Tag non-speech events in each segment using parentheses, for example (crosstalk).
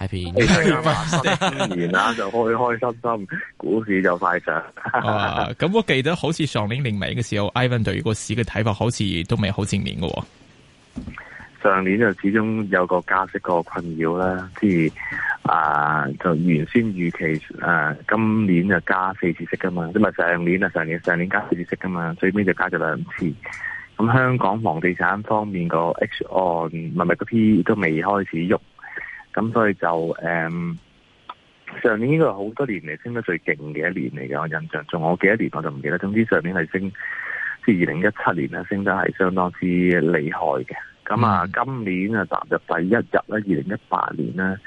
睇片， (laughs) 然啦就開開心心，股市就快上。咁、 (laughs) 啊、我記得好似上年年尾嘅時候，Ivan 對於個市嘅睇法好似都未好正面嘅。上年就始終有個加息個困擾啦，即係啊，就原先預期誒、呃，今年就加四次息噶嘛，咁啊上年啊上年上年加四次息噶嘛，最尾就加咗兩次。咁香港房地產方面個 H 按唔係唔係個 P 都未開始喐。咁所以就誒，um, 上年應該係好多年嚟升得最勁嘅一年嚟嘅，我印象中我幾多年我就唔記得。總之上年係升，即係二零一七年咧升得係相當之厲害嘅。咁、嗯、啊，今年啊踏入第一日咧，二零一八年咧，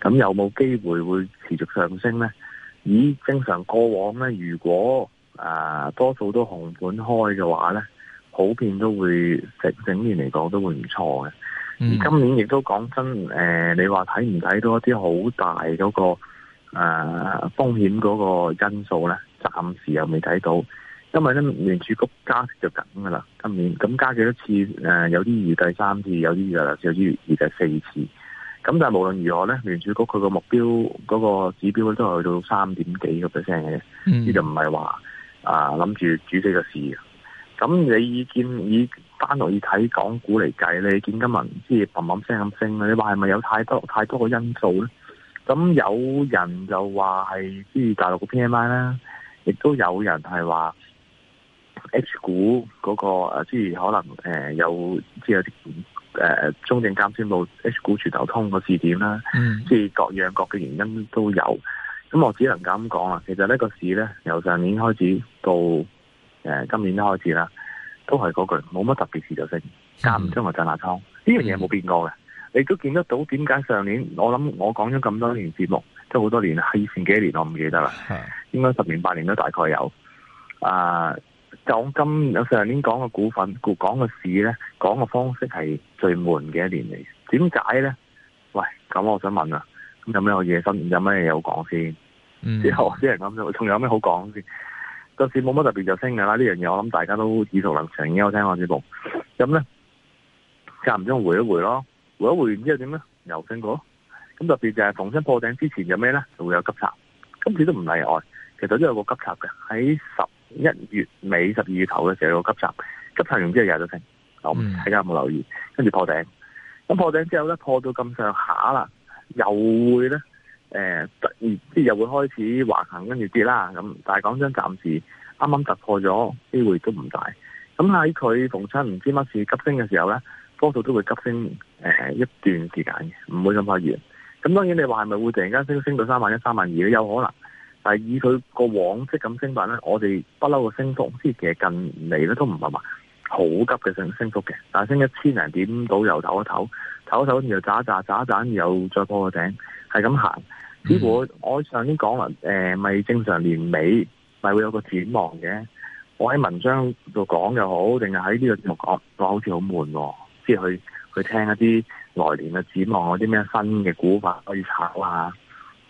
咁有冇機會會持續上升咧？咦，正常過往咧，如果誒、呃、多數都紅盤開嘅話咧，普遍都會整整年嚟講都會唔錯嘅。而今年亦都講真，誒、呃，你話睇唔睇到一啲好大嗰、那個誒、呃、風險嗰個因素咧？暫時又未睇到，因為咧，聯儲局加息就緊㗎啦。今年咁加幾多次？誒，有啲預計三次，有啲㗎，有啲預計四次。咁但係無論如何咧，聯儲局佢個目標嗰、那個指標都係去到三點幾個 percent 嘅，呢就唔係話啊諗住煮死個市。咁你意見已單獨以睇港股嚟計咧，你見今日即係砰砰聲咁升，你話係咪有太多太多個因素咧？咁有人就話係即係大陸嘅 PMI 啦，亦都有人係話 H 股嗰個即係可能、呃、有即係有啲、呃、中證監宣佈 H 股全流通個事件啦，即係各樣各嘅原因都有。咁我只能咁講啦，其實呢個市咧由上年開始到呃今年都開始啦。都係嗰句，冇乜特別事就性加唔中就震下倉，呢樣嘢冇變過嘅、嗯。你都見得到，點解上年我諗我講咗咁多年節目，即係好多年，係前幾年我唔記得啦、嗯，應該十年八年都大概有。啊，就我今有上年講嘅股份，講嘅市咧，講嘅方式係最悶嘅一年嚟。點解咧？喂，咁我想問啦、啊，咁有咩嘅野心？有咩嘢有講先？之、嗯、後先係咁，仲有咩好講先？個市冇乜特別就升嘅啦，呢樣嘢我諗大家都耳熟能詳嘅。我聽我節目，咁咧間唔中回一回咯，回一回然之後點咧又升過。咁特別就係逢親破頂之前有咩咧，就會有急插，今次都唔例外。其實都有一個急插嘅，喺十一月尾十二月頭嘅時候有一個急插，急插完之後又都升。我唔睇家有冇留意，跟住破頂。咁破頂之後咧破到咁上下啦，又會咧。誒、呃，突然即係又會開始橫行，跟住跌啦咁。但係講真，暫時啱啱突破咗，機會都唔大。咁喺佢逢親唔知乜事急升嘅時候咧，多數都會急升誒、呃、一段時間嘅，唔會咁快完。咁當然你話係咪會突然間升升到三萬一、三萬二都有可能，但係以佢個往昔咁升法咧，我哋不嬲嘅升幅，即係其實近嚟咧都唔係話。好急嘅升升幅嘅，但係升一千零點到，又唞一唞，唞一唞然後炸炸炸一彈，又再破個頂，係咁行。只、嗯、果我，我上年講啦，誒、呃，咪正常年尾咪會有個展望嘅。我喺文章度講又好，定係喺呢個節目講，講好似好悶。即係去去聽一啲來年嘅展望，嗰啲咩新嘅股法可以炒呀？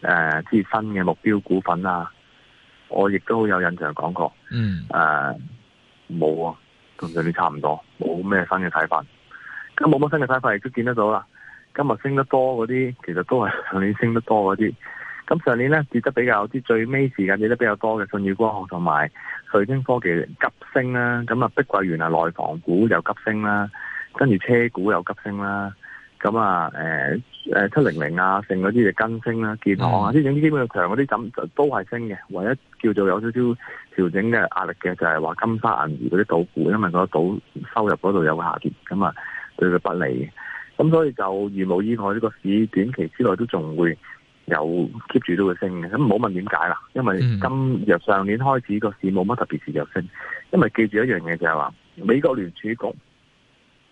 誒、呃，即係新嘅目標股份啊！我亦都有印象講過，嗯，誒、呃，冇啊。同上年差唔多，冇咩新嘅睇法。咁冇乜新嘅睇法亦都見得到啦。今日升得多嗰啲，其實都係上年升得多嗰啲。咁上年呢，跌得比較啲，最尾時間跌得比較多嘅舜宇光學同埋瑞晶科技急升啦。咁啊，碧桂園啊內房股又急升啦，跟住車股又急升啦。咁啊，誒、呃、誒，七零零啊，剩嗰啲嘅跟升啦，建行啊，啲總之基本上強嗰啲，咁都係升嘅。唯一叫做有少少調整嘅壓力嘅，就係話金沙銀娛嗰啲賭股，因為個賭收入嗰度有個下跌，咁啊，對佢不利嘅。咁所以就如冇意外，呢個市短期之內都仲會有 keep 住都會升嘅。咁唔好問點解啦，因為今日上年開始個市冇乜特別事就升，因為記住一樣嘢就係話美國聯儲局。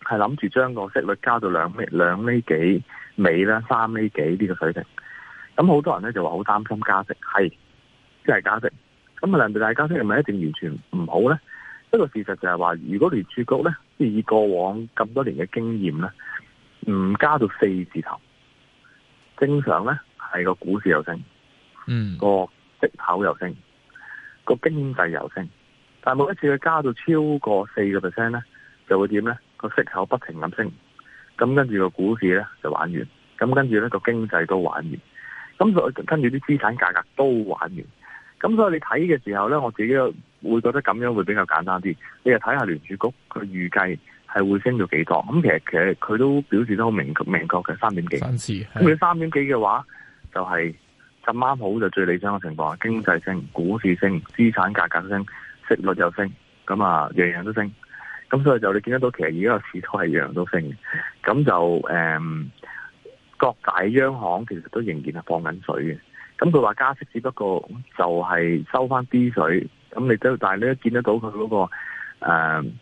係諗住將個息率加到兩厘兩厘幾尾啦，三厘幾呢個水平。咁好多人咧就話好擔心加息，係即係加息。咁啊，人哋大加息係咪一定完全唔好咧？一個事實就係話，如果聯儲局咧，即以過往咁多年嘅經驗咧，唔加到四字頭，正常咧係個股市又升，嗯，個息口又升，個經濟又升。但係每一次佢加到超過四個 percent 咧，就會點咧？個息口不停咁升，咁跟住個股市咧就玩完，咁跟住咧個經濟都玩完，咁跟住啲資產價格都玩完，咁所以你睇嘅時候咧，我自己會覺得咁樣會比較簡單啲。你又睇下聯儲局佢預計係會升咗幾多？咁其實其實佢都表示得好明明確嘅三,三點幾，咁佢三點幾嘅話就係咁啱好就最理想嘅情況，經濟升，股市升，資產價格，格升，息率又升，咁啊樣樣都升。咁所以就你見得到，其實而家個市都係樣樣都升嘅。咁就誒、嗯，各大央行其實都仍然係放緊水嘅。咁佢話加息只不過就係收翻啲水。咁你都但係你都見得到佢嗰、那個誒、嗯、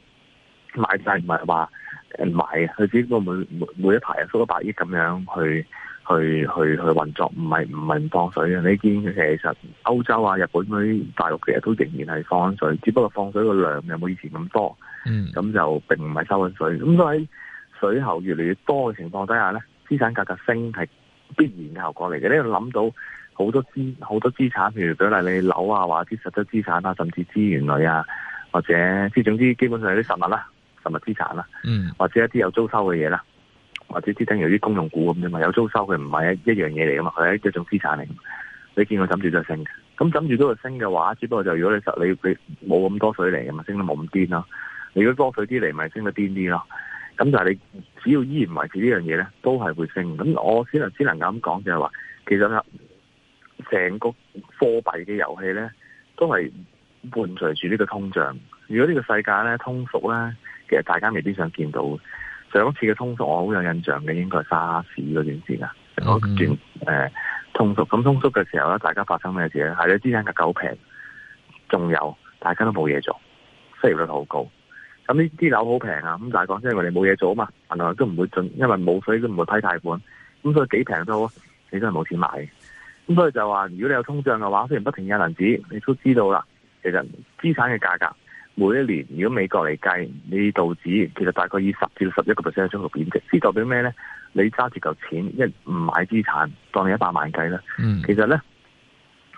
買債唔係話誒買，佢只不過每每每一排收一百億咁樣去。去去去運作，唔係唔係唔放水嘅呢啲。其實歐洲啊、日本嗰、啊、啲大陸其實都仍然係放水，只不過放水個量有冇以前咁多。嗯，咁就並唔係收緊水。咁所以水喉越嚟越多嘅情況底下咧，資產價格升係必然嘅效果嚟嘅。你諗到好多資好多資產，譬如舉例你樓啊，或者啲實質資產啊，甚至資源類啊，或者即係總之基本上係啲實物啦、啊、實物資產啦、啊，嗯，或者一啲有租收嘅嘢啦。或者啲等於啲公用股咁啫嘛，有租收佢唔係一一樣嘢嚟噶嘛，佢係一種資產嚟。你見佢枕住都係升嘅，咁枕住都係升嘅話，只不過就如果你實你你冇咁多水嚟，嘛，升得冇咁癲咯，你如果多水啲嚟，咪升得癲啲咯。咁但係你只要依然維持呢樣嘢咧，都係會升。咁我只能只能咁講就係話，其實成個貨幣嘅遊戲咧，都係伴隨住呢個通脹。如果呢個世界咧通縮咧，其實大家未必想見到。上次嘅通縮我好有印象嘅，應該係沙士嗰段時間嗰段誒通縮。咁通縮嘅時候咧，大家發生咩事咧？係咧資產嘅價格夠平，仲有大家都冇嘢做，失業率好高。咁呢啲樓好平啊！咁但係講即係我哋冇嘢做啊嘛，銀行都唔會準，因為冇水都唔會批貸款。咁所以幾平都好，你都係冇錢買。咁所以就話，如果你有通脹嘅話，雖然不停印銀紙，你都知道啦，其實資產嘅價格。每一年，如果美國嚟計，你道指其實大概以十至十一個 percent 嘅速度貶值，呢代表咩咧？你揸住嚿錢一唔買資產，當你一百萬計啦。嗯，其實咧，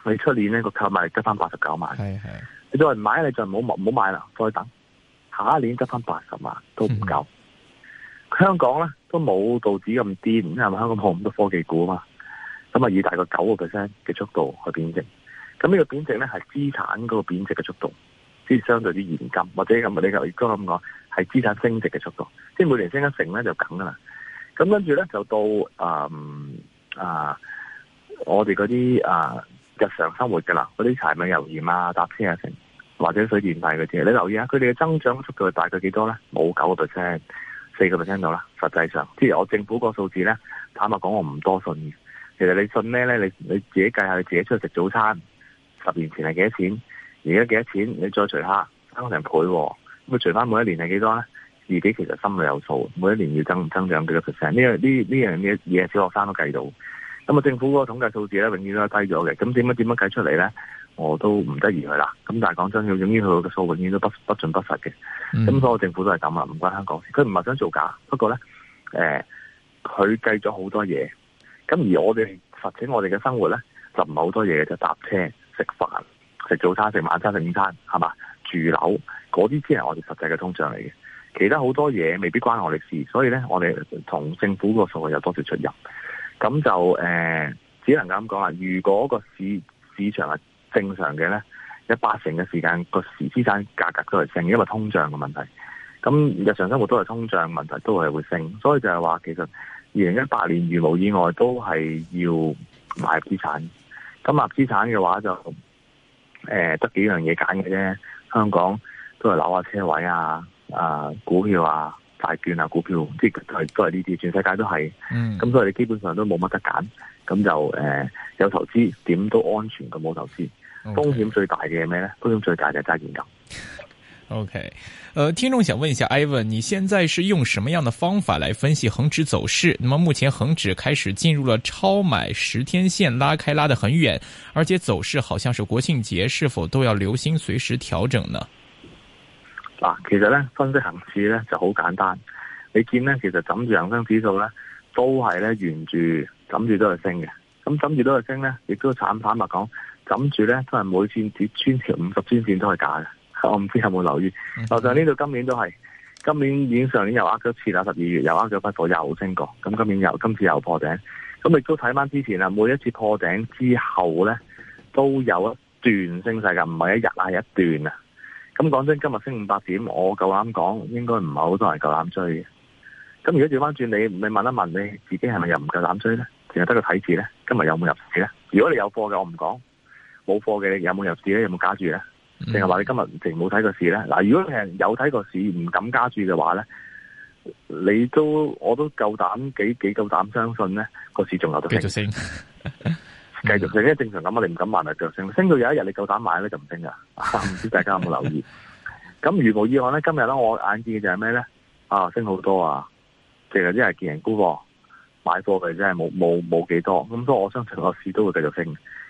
你出年呢個購物得翻八十九萬。係係，你再唔買，你就唔好買啦，再等下一年得翻八十萬都唔夠，嗯香呢都是是。香港咧都冇道指咁癲，因為香港冇咁多科技股啊嘛。咁啊以大概九個 percent 嘅速度去貶值，咁呢個貶值咧係資產嗰個貶值嘅速度。即啲相對啲現金，或者咁啊，你留意都咁講，係資產升值嘅速度，即係每年升一成咧就梗緊啦。咁跟住咧就到啊啊、呃呃，我哋嗰啲啊日常生活嘅啦，嗰啲柴米油鹽啊、搭車啊成，或者水電費嗰啲，你留意下，佢哋嘅增長速度大概幾多咧？冇九個 percent，四個 percent 到啦。實際上，即係我政府個數字咧，坦白講我唔多信。其實你信咩咧？你你自己計下，你自己出去食早餐，十年前係幾多錢？而家幾多錢？你再除下，增成倍，哦。咁啊，除翻每一年係幾多咧？自己其實心裏有數，每一年要增增長幾多 percent？呢個呢呢樣嘢，小學生都計到。咁啊，政府嗰個統計數字咧，永遠都係低咗嘅。咁點樣點樣計出嚟咧？我都唔得意佢啦。咁但係講真，用呢度嘅數，永遠都不不盡不實嘅。咁、嗯、所以政府都係咁啊，唔關香港事。佢唔係想做假，不過咧，誒、呃，佢計咗好多嘢。咁而我哋實踐我哋嘅生活咧，就唔係好多嘢就搭車食飯。食早餐、食晚餐、食午餐，係嘛？住樓嗰啲先係我哋實際嘅通脹嚟嘅，其他好多嘢未必關我哋事，所以咧，我哋同政府個數目有多少出入？咁就誒、呃，只能咁講啊。如果個市市場係正常嘅咧，一百成嘅時間、個時資產價格都係升，因為通脹嘅問題。咁日常生活都係通脹問題，都係會升，所以就係話，其實二零一八年如無意外，都係要買入資產。咁買入資產嘅話就。誒、呃，得幾樣嘢揀嘅啫。香港都係樓下車位啊，啊，股票啊，債券啊，股票，即係都係呢啲，全世界都係。咁、嗯、所以你基本上都冇乜得揀。咁就誒、呃，有投資點都安全，咁冇投資、okay. 風險最大嘅係咩咧？風險最大就係揸現金。OK，呃聽眾想問一下，Ivan，你現在是用什麼樣的方法來分析恒指走勢？那麼目前恒指開始進入了超買十天線，拉開拉得很遠，而且走勢好像是國慶節，是否都要留心隨時調整呢？嗱，其實咧分析恒指咧就好簡單，你見呢其實枕住恒生指數咧都係咧沿住枕住都係升嘅，咁枕住都係升咧，亦都慘，坦白講，枕住咧都係每線跌穿條五十天線都係假嘅。我唔知有冇留意，我上呢度今年都係，今年已經上年又呃咗一次啦，十二月又呃咗筆貨，又升過，咁今年又今次又破頂，咁亦都睇翻之前啊，每一次破頂之後咧，都有一段升勢噶，唔係一日啊，一段啊，咁講真，今日升五百點，我夠膽講，應該唔係好多人夠膽追嘅，咁如果調翻轉你，你問一問你自己係咪又唔夠膽追咧？淨係得個睇字咧？今日有冇入市咧？如果你有貨嘅，我唔講，冇貨嘅有冇入市咧？有冇加住咧？定係話你今日淨冇睇過市咧，嗱，如果你係有睇過市，唔敢加注嘅話咧，你都我都夠膽幾幾夠膽相信咧個市仲有得升，繼續升，繼 (laughs) 續升，嗯、正常咁啊，你唔敢買咪繼續升，升到有一日你夠膽買咧就唔升㗎，唔知大家有冇留意？咁 (laughs) 如無意外咧，今日咧我眼見嘅就係咩咧？啊，升好多啊，成日啲人見人估貨。買貨嘅啫，冇冇冇幾多，咁所以我相信個市都會繼續升。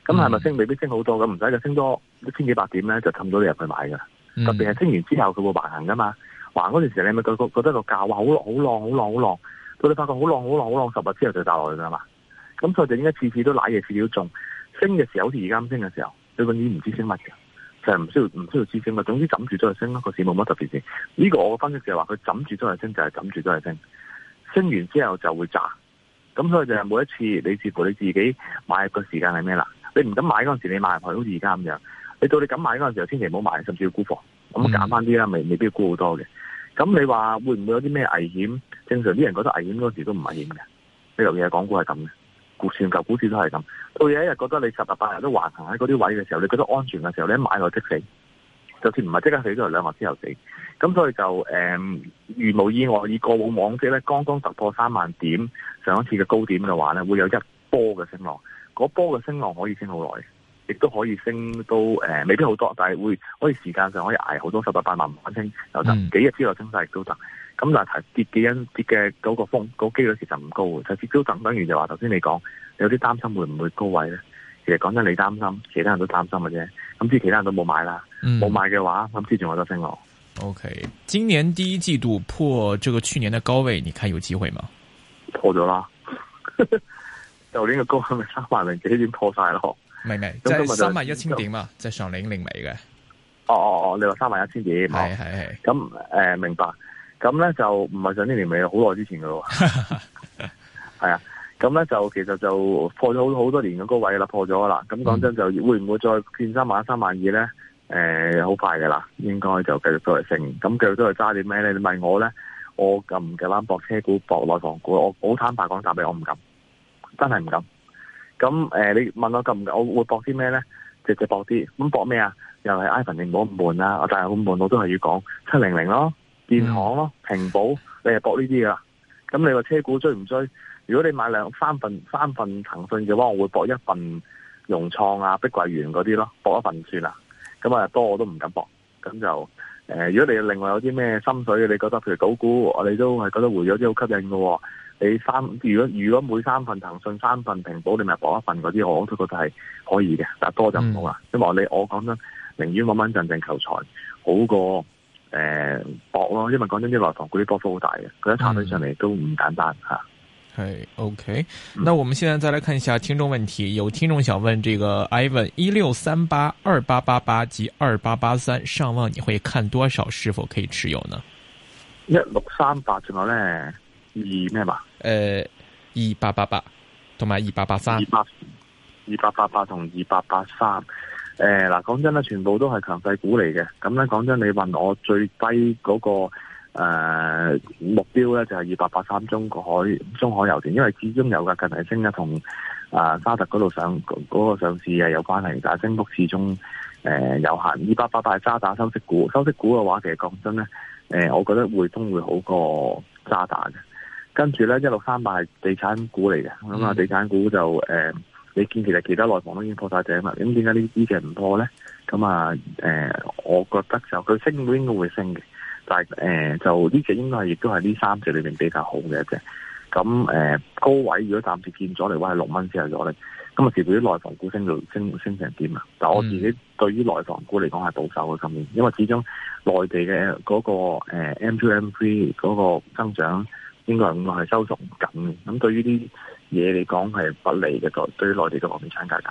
咁係咪升？未必升好多，咁唔使就升多一千幾百點咧，就氹咗你入去買噶。Mm. 特別係升完之後，佢會橫行噶嘛，橫嗰陣時你咪覺覺得個價話好好浪好浪好浪，浪，到你發覺好浪好浪好浪，十日之後就炸落去噶嘛。咁所以就應該次次都瀨嘢次都次，都次都中？升嘅時候好似而家咁升嘅時候，你個耳唔知升乜嘅，就係、是、唔需要唔需要知升嘅。總之枕住都係升，個市冇乜特別事。呢、這個我嘅分析就係話，佢枕住都係升，就係枕住都係升，升完之後就會炸。咁所以就係每一次，你似乎你自己買入個時間係咩啦？你唔敢買嗰陣時，你買入去好似而家咁樣。你到你敢買嗰陣時，又千祈唔好買，甚至要沽貨，咁減返啲啦，未未必要沽好多嘅。咁你話會唔會有啲咩危險？正常啲人覺得危險嗰陣時都唔危險嘅。你留意下港股係咁嘅，全球股市都係咁。到有一日覺得你十日八日都橫行喺嗰啲位嘅時候，你覺得安全嘅時候，你一買落即死。就算唔係即刻死都係兩日之後死，咁所以就誒，如、呃、無意外，以過往往績咧，剛剛突破三萬點，上一次嘅高點嘅話咧，會有一波嘅升浪，嗰波嘅升浪可以升好耐，亦都可以升到誒、呃，未必好多，但係會可以時間上可以挨好多十八八萬蚊升又得，幾日之內升晒都得。咁但提跌幾因跌嘅嗰個風，嗰機率其實唔高就指、是、標等等完就話，頭先你講你有啲擔心會唔會高位咧？其實講真，你擔心，其他人都擔心嘅啫。咁所以其他人都冇買啦。冇、嗯、買嘅話，咁所以仲有得升咯。O、okay, K，今年第一季度破這個去年嘅高位，你看有機會嗎？破咗啦，舊年嘅高係三萬零幾點破晒啦，明明，咩？即係三萬一千點嘛？即係上年零尾嘅。哦哦哦，你話三萬一千點，係係係。咁、哦、誒、呃，明白。咁咧就唔係上年年尾，好耐之前噶咯。係啊。咁咧就其實就破咗好好多年嘅高位啦，破咗啦。咁講真，就會唔會再見三萬三萬二咧？誒、呃，好快噶啦，應該就繼續再嚟升。咁繼續都係揸啲咩咧？你問我咧，我咁嘅諗博車股、博內房股，我好坦白講，答你，我唔敢，真係唔敢。咁誒、呃，你問我咁，我會博啲咩咧？直接博啲，咁博咩啊？又係 iPhone 唔悶啦？但係好悶，我都係要講七零零咯，建行咯，平保，你係博呢啲噶。咁你話車股追唔追？如果你買兩三份三份騰訊嘅話，我會博一份融創啊、碧桂園嗰啲咯，博一份算啦。咁啊多我都唔敢博。咁就誒、呃，如果你另外有啲咩心水嘅，你覺得譬如港股，我哋都係覺得回咗啲好吸引嘅。你三如果如果每三份騰訊三份平保，你咪博一份嗰啲，我都覺得係可以嘅。但係多就唔好啦，嗯，因為你我講真寧願穩穩陣陣求財，好過誒博咯。因為講真啲內房股啲波幅好大嘅，佢一炒起上嚟都唔簡單吓。嗯嗯誒 (noise) ，OK，那我們現在再來看一下聽眾問題，有聽眾想問，這個 Ivan 一六三八二八八八及二八八三上望你會看多少，是否可以持有呢？一六三八，仲、呃、有咧二咩嘛？誒，二八八八同埋二八八三，二八二八八八同二八八三。誒，嗱，講真啦，全部都係強勢股嚟嘅。咁、嗯、咧，講真，你問我最低嗰、那個。誒、呃，目標咧就係二八八三中海，中海油田，因為始終有嘅近嚟升咧，同啊、呃、沙特嗰度上、嗰個上市啊有關係，但係升幅始終誒、呃、有限。二八八八係渣打收息股，收息股嘅話，其實講真咧，誒、呃，我覺得匯豐會好過渣打嘅。跟住咧，一六三八係地產股嚟嘅，咁、嗯、啊、嗯，地產股就誒、呃，你見其實其他內房都已經破晒頂啦，咁點解呢啲嘅唔破咧？咁、嗯、啊、誒、呃，我覺得就佢升應該會升嘅。但誒、呃、就呢隻應該係亦都係呢三隻裏面比較好嘅一隻。咁誒、呃、高位如果暫時見咗嚟，話係六蚊之後咗咧。咁啊，至於內房股升到升，升成點啊？但係我自己對於內房股嚟講係保守嘅今年，因為始終內地嘅嗰、嗰個 M 2 M 3嗰個增長應該係唔係收縮緊嘅。咁對於啲嘢嚟講係不利嘅，對對於內地嘅房地產價格。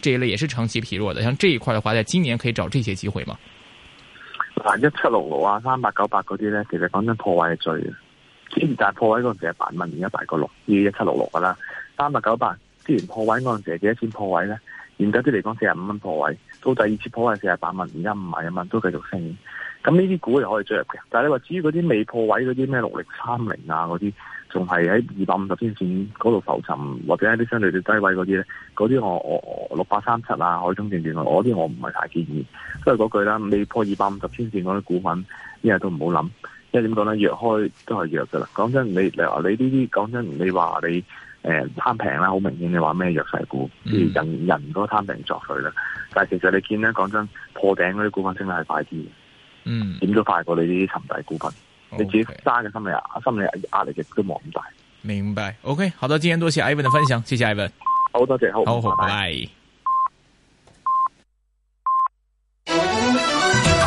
這一類也是長期疲弱的，像這一塊的話，在今年可以找這些機會嗎？嗱，一七六六啊，三八九八嗰啲咧，其實講緊破位係最，但破位嗰陣時 398, 之前破位嗰陣時係八蚊，而家大概六二一七六六噶啦，三八九八之前破位嗰陣時係幾多錢破位咧？嚴格啲嚟講，四十五蚊破位，到第二次破位四十八蚊，而家五萬一蚊都繼續升，咁呢啲股又可以追入嘅。但係你話至於嗰啲未破位嗰啲咩六零三零啊嗰啲。仲係喺二百五十天線嗰度浮沉，或者喺啲相對最低位嗰啲咧，嗰啲我我六八三七啊，海通證券啊，嗰啲我唔係太建議。都係嗰句啦，你破二百五十天線嗰啲股份，一日都唔好諗。因為點講咧，弱開都係弱噶啦。講真，你例如話你呢啲，講真，你話你誒、呃、貪平啦，好明顯你話咩弱勢股，即、mm. 係人人多貪平作祟啦。但係其實你見咧，講真，破頂嗰啲股份升得係快啲，嗯，點都快過你呢啲沉底股份。你自己揸嘅心理啊，心理壓力亦都冇咁大。明白，OK，好的，今天多謝 Ivan 的分享，謝謝 Ivan，好多謝，好，好，拜拜。Bye. Bye.